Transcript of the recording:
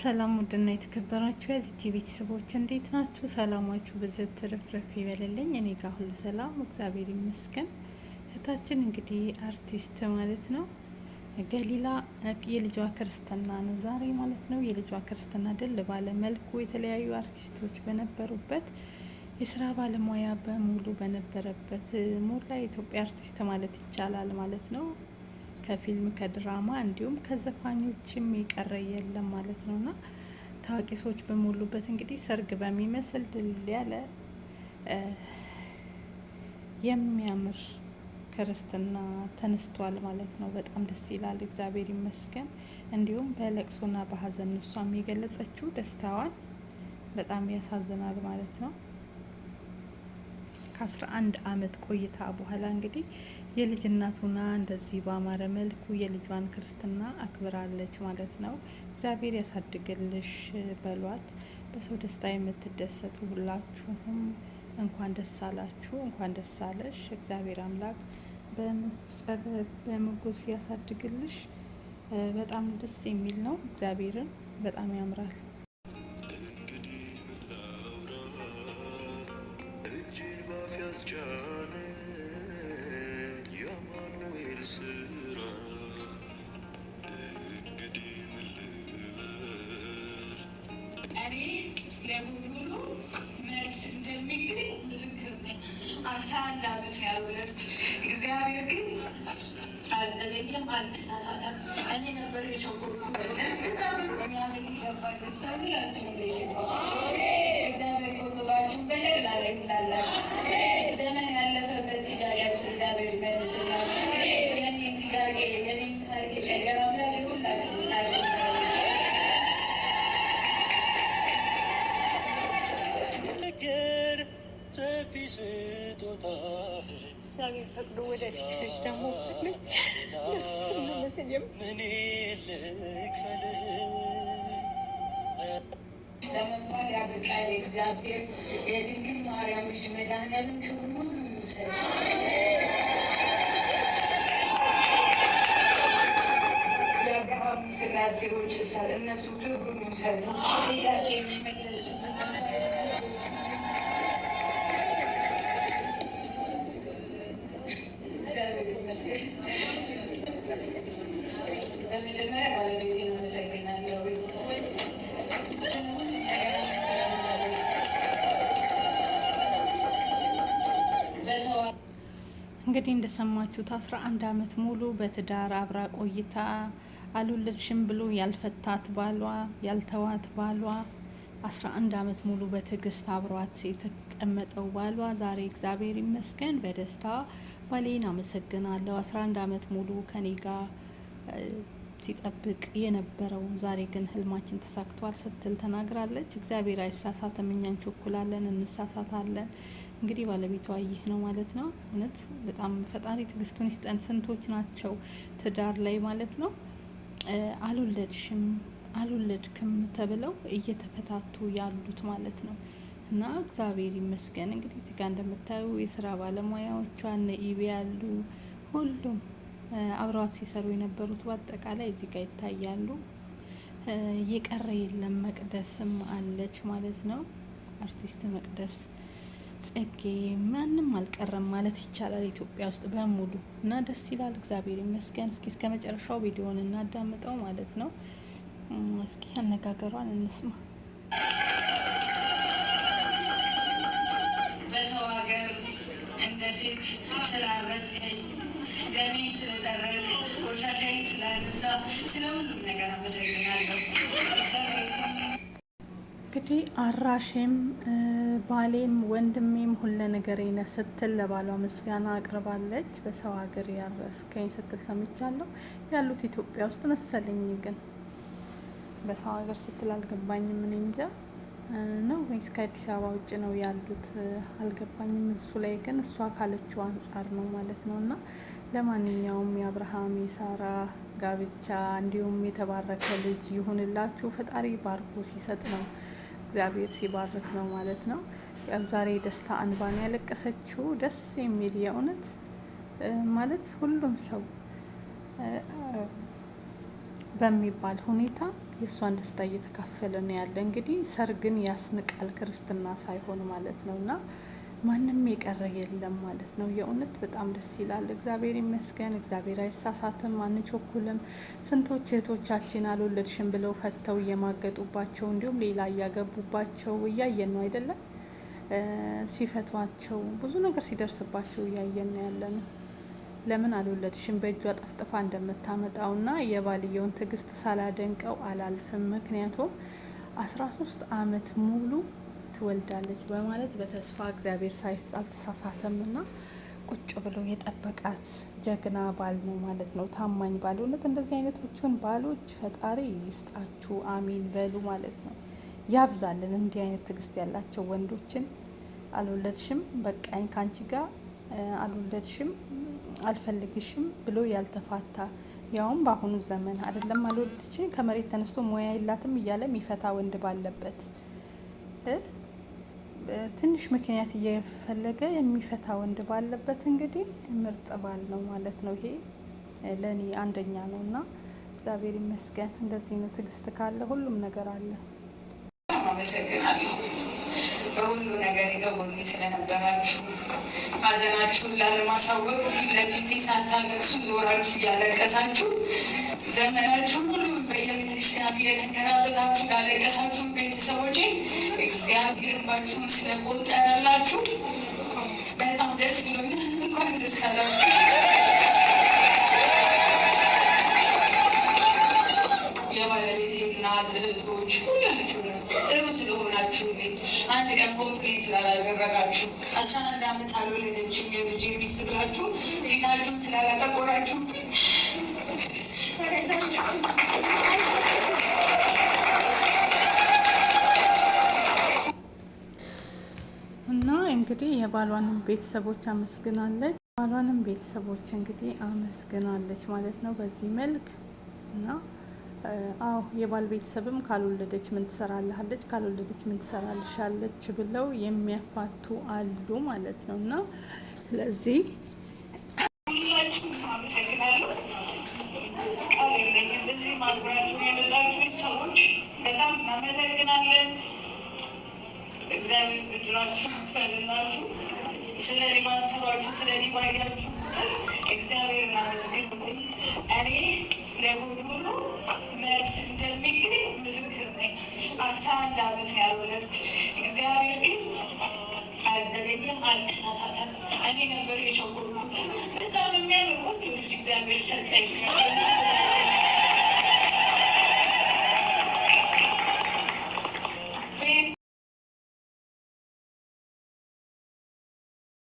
ሰላም ውድና የተከበራችሁ የዚህ ቤተሰቦች እንዴት ናችሁ? ሰላማችሁ ብዝት ትርፍርፍ ይበልልኝ። እኔ ጋር ሁሉ ሰላም እግዚአብሔር ይመስገን። እህታችን እንግዲህ አርቲስት ማለት ነው ገሊላ የልጇ ክርስትና ነው ዛሬ ማለት ነው የልጇ ክርስትና ድል ባለ መልኩ የተለያዩ አርቲስቶች በነበሩበት የስራ ባለሙያ በሙሉ በነበረበት ሞላ የኢትዮጵያ አርቲስት ማለት ይቻላል ማለት ነው ከፊልም ከድራማ እንዲሁም ከዘፋኞችም የቀረ የለም ማለት ነው እና ታዋቂ ሰዎች በሞሉበት እንግዲህ ሰርግ በሚመስል ድል ያለ የሚያምር ክርስትና ተነስቷል ማለት ነው። በጣም ደስ ይላል። እግዚአብሔር ይመስገን። እንዲሁም በለቅሶና በሀዘን እሷም የገለጸችው ደስታዋን በጣም ያሳዝናል ማለት ነው። ከ11 አመት ቆይታ በኋላ እንግዲህ የልጅ እናቱና እንደዚህ በአማረ መልኩ የልጇን ክርስትና አክብራለች ማለት ነው። እግዚአብሔር ያሳድግልሽ በሏት። በሰው ደስታ የምትደሰቱ ሁላችሁም እንኳን ደስ አላችሁ፣ እንኳን ደስ አለሽ። እግዚአብሔር አምላክ በምጸበ በመጎስ ያሳድግልሽ። በጣም ደስ የሚል ነው። እግዚአብሔርን በጣም ያምራል። መርየም አልተሳሳተም። እኔ ነበር የቸኮሉ ዘመን ያለፈበት ነገር Şimdi mesajım. ለመባል ያበቃል የእግዚአብሔር የድንግል ማርያም ልጅ መድኃኔዓለም ክብር ሁሉ ይውሰድ። የአብርሃም ስላሴዎች እነሱ ክብሩን ይውሰዱ። ጥያቄ የሚመለ እንግዲህ እንደሰማችሁት አስራ አንድ አመት ሙሉ በትዳር አብራ ቆይታ አልወለድሽም ብሎ ያልፈታት ባሏ ያልተዋት ባሏ አስራ አንድ አመት ሙሉ በትዕግስት አብሯት የተቀመጠው ባሏ ዛሬ እግዚአብሔር ይመስገን በደስታ ባሌን አመሰግናለሁ አስራ አንድ አመት ሙሉ ከኔ ጋር ሲጠብቅ የነበረው ዛሬ ግን ህልማችን ተሳክቷል ስትል ተናግራለች። እግዚአብሔር አይሳሳትም፣ እኛ እንቸኩላለን፣ እንሳሳታለን። እንግዲህ ባለቤቷ ይህ ነው ማለት ነው። እውነት በጣም ፈጣሪ ትዕግስቱን ይስጠን። ስንቶች ናቸው ትዳር ላይ ማለት ነው አልወለድሽም፣ አልወለድክም ተብለው እየተፈታቱ ያሉት ማለት ነው። እና እግዚአብሔር ይመስገን እንግዲህ እዚህ ጋር እንደምታዩ የስራ ባለሙያዎቿ እነ ኢቤ ያሉ ሁሉም አብረዋት ሲሰሩ የነበሩት በአጠቃላይ እዚህ ጋር ይታያሉ። የቀረ የለም። መቅደስም አለች ማለት ነው። አርቲስት መቅደስ ጽጌ፣ ማንም አልቀረም ማለት ይቻላል ኢትዮጵያ ውስጥ በሙሉ እና ደስ ይላል። እግዚአብሔር ይመስገን። እስኪ እስከ መጨረሻው ቪዲዮን እናዳምጠው ማለት ነው። እስኪ አነጋገሯን እንስማ። በሰው ሀገር እንደ ሴት ስላረስከኝ ለእኔ ስለደረግ ቆሻሻይ ስላነሳ ስለሁሉም ነገር አመሰግናለሁ። እንግዲህ አራሼም ባሌም ወንድሜም ሁለ ነገር ነ ስትል ለባሏ ምስጋና አቅርባለች። በሰው ሀገር ያረስከኝ ስትል ሰምቻለሁ። ያሉት ኢትዮጵያ ውስጥ መሰለኝ ግን በሰው ሀገር ስትል አልገባኝም። እኔ እንጃ ነው ወይስ ከአዲስ አበባ ውጭ ነው ያሉት? አልገባኝም። እሱ ላይ ግን እሷ ካለችው አንጻር ነው ማለት ነው እና ለማንኛውም የአብርሃም የሳራ ጋብቻ እንዲሁም የተባረከ ልጅ ይሁንላችሁ። ፈጣሪ ባርኮ ሲሰጥ ነው፣ እግዚአብሔር ሲባርክ ነው ማለት ነው። ዛሬ ደስታ አንባን ያለቀሰችው ደስ የሚል የእውነት ማለት ሁሉም ሰው በሚባል ሁኔታ የእሷን ደስታ እየተካፈለ ነው ያለ። እንግዲህ ሰርግን ያስንቃል ክርስትና ሳይሆን ማለት ነው እና ማንም የቀረ የለም ማለት ነው። የእውነት በጣም ደስ ይላል። እግዚአብሔር ይመስገን። እግዚአብሔር አይሳሳትም፣ አንቸኩልም። ስንቶች እህቶቻችን አልወለድሽም ብለው ፈተው እየማገጡባቸው እንዲሁም ሌላ እያገቡባቸው እያየን ነው አይደለም? ሲፈቷቸው ብዙ ነገር ሲደርስባቸው እያየን ነው ያለ ነው። ለምን አልወለድሽም በእጇ ጠፍጥፋ እንደምታመጣው ና የባልየውን ትዕግስት ሳላደንቀው አላልፍም። ምክንያቱም አስራ ሶስት አመት ሙሉ ትወልዳለች በማለት በተስፋ እግዚአብሔር ሳይስ አልተሳሳተም ና ቁጭ ብሎ የጠበቃት ጀግና ባል ነው ማለት ነው። ታማኝ ባል። እውነት እንደዚህ አይነቶቹን ባሎች ፈጣሪ ይስጣችሁ፣ አሚን በሉ ማለት ነው። ያብዛልን እንዲህ አይነት ትግስት ያላቸው ወንዶችን። አልወለድሽም፣ በቃኝ፣ ከአንቺ ጋር አልወለድሽም፣ አልፈልግሽም ብሎ ያልተፋታ ያውም በአሁኑ ዘመን አይደለም አልወለድሽም ከመሬት ተነስቶ ሙያ የላትም እያለ የሚፈታ ወንድ ባለበት ትንሽ ምክንያት እየፈለገ የሚፈታ ወንድ ባለበት እንግዲህ ምርጥ ባል ነው ማለት ነው። ይሄ ለእኔ አንደኛ ነው እና እግዚአብሔር ይመስገን። እንደዚህ ነው። ትዕግስት ካለ ሁሉም ነገር አለ። አመሰግናለሁ በሁሉ ነገር የገቡኝ ስለነበራችሁ ሐዘናችሁን ላለማሳወቅ ፊት ለፊቴ ሳታለቅሱ ዞራችሁ እያለቀሳችሁ ዘመናችሁን ሁሉ የተንከራተታችሁ ያለቀሳችሁ ቤተሰቦች እግዚአብሔር ባችሁን ስለቆጠረላችሁ በጣም ደስ ብሎኛል። እንኳን ደስ አላችሁ። የባለቤቴና ዝህቶች ሁላችሁ ጥሩ ስለሆናችሁ አንድ ቀን ኮምፕሌት ስላላደረጋችሁ አስራ አንድ ዓመት አልወለደችም የልጄ ሚስት ብላችሁ ፊታችሁን ስላላጠቆራችሁ እና እንግዲህ የባሏንም ቤተሰቦች አመስግናለች። ባሏንም ቤተሰቦች እንግዲህ አመስግናለች ማለት ነው በዚህ መልክ እና አዎ የባል ቤተሰብም ካልወለደች ምን ትሰራልሃለች፣ ካልወለደች ምን ትሰራልሻለች ብለው የሚያፋቱ አሉ ማለት ነው እና ስለዚህ እናመሰግናለን። እግዚአብሔር ብድራችሁ ፈልናችሁ ስለ ሊማሰባችሁ ስለ ሊባያችሁ እግዚአብሔር እናመስግኑት። እኔ ለጉድ ሁሉ መልስ እንደሚገኝ ምስክር ነኝ። አስራ አንድ አመት ያልወለድኩት። እግዚአብሔር ግን አልዘገየም፣ አልተሳሳተም። እኔ ነበር የቸኮልኩት። በጣም የሚያምር ቆንጆ ልጅ እግዚአብሔር ሰጠኝ።